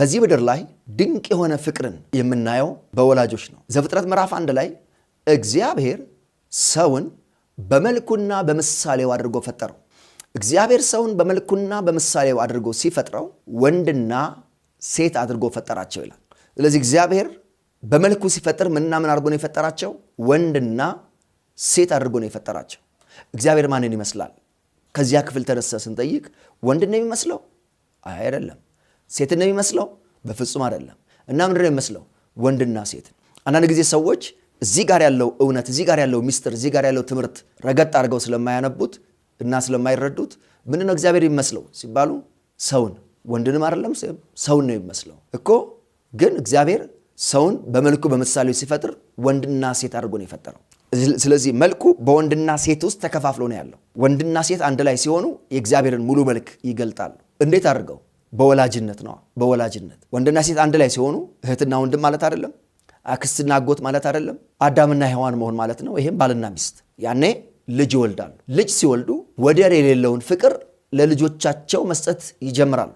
በዚህ ምድር ላይ ድንቅ የሆነ ፍቅርን የምናየው በወላጆች ነው። ዘፍጥረት ምዕራፍ አንድ ላይ እግዚአብሔር ሰውን በመልኩና በምሳሌው አድርጎ ፈጠረው። እግዚአብሔር ሰውን በመልኩና በምሳሌው አድርጎ ሲፈጥረው ወንድና ሴት አድርጎ ፈጠራቸው ይላል። ስለዚህ እግዚአብሔር በመልኩ ሲፈጥር ምንና ምን አድርጎ ነው የፈጠራቸው? ወንድና ሴት አድርጎ ነው የፈጠራቸው። እግዚአብሔር ማንን ይመስላል? ከዚያ ክፍል ተነሳ ስንጠይቅ ወንድ ነው የሚመስለው? አይ አይደለም። ሴትን ነው የሚመስለው? በፍጹም አይደለም። እና ምንድን ነው የሚመስለው? ወንድና ሴት። አንዳንድ ጊዜ ሰዎች እዚህ ጋር ያለው እውነት፣ እዚህ ጋር ያለው ሚስጥር፣ እዚህ ጋር ያለው ትምህርት ረገጥ አድርገው ስለማያነቡት እና ስለማይረዱት ምንድን ነው እግዚአብሔር የሚመስለው ሲባሉ ሰውን፣ ወንድንም አይደለም ሰውን ነው የሚመስለው እኮ። ግን እግዚአብሔር ሰውን በመልኩ በምሳሌው ሲፈጥር ወንድና ሴት አድርጎ ነው የፈጠረው። ስለዚህ መልኩ በወንድና ሴት ውስጥ ተከፋፍሎ ነው ያለው። ወንድና ሴት አንድ ላይ ሲሆኑ የእግዚአብሔርን ሙሉ መልክ ይገልጣሉ። እንዴት አድርገው? በወላጅነት ነው። በወላጅነት ወንድና ሴት አንድ ላይ ሲሆኑ እህትና ወንድም ማለት አይደለም፣ አክስትና አጎት ማለት አይደለም፣ አዳምና ሔዋን መሆን ማለት ነው። ይሄም ባልና ሚስት ያኔ ልጅ ይወልዳሉ። ልጅ ሲወልዱ ወደር የሌለውን ፍቅር ለልጆቻቸው መስጠት ይጀምራሉ።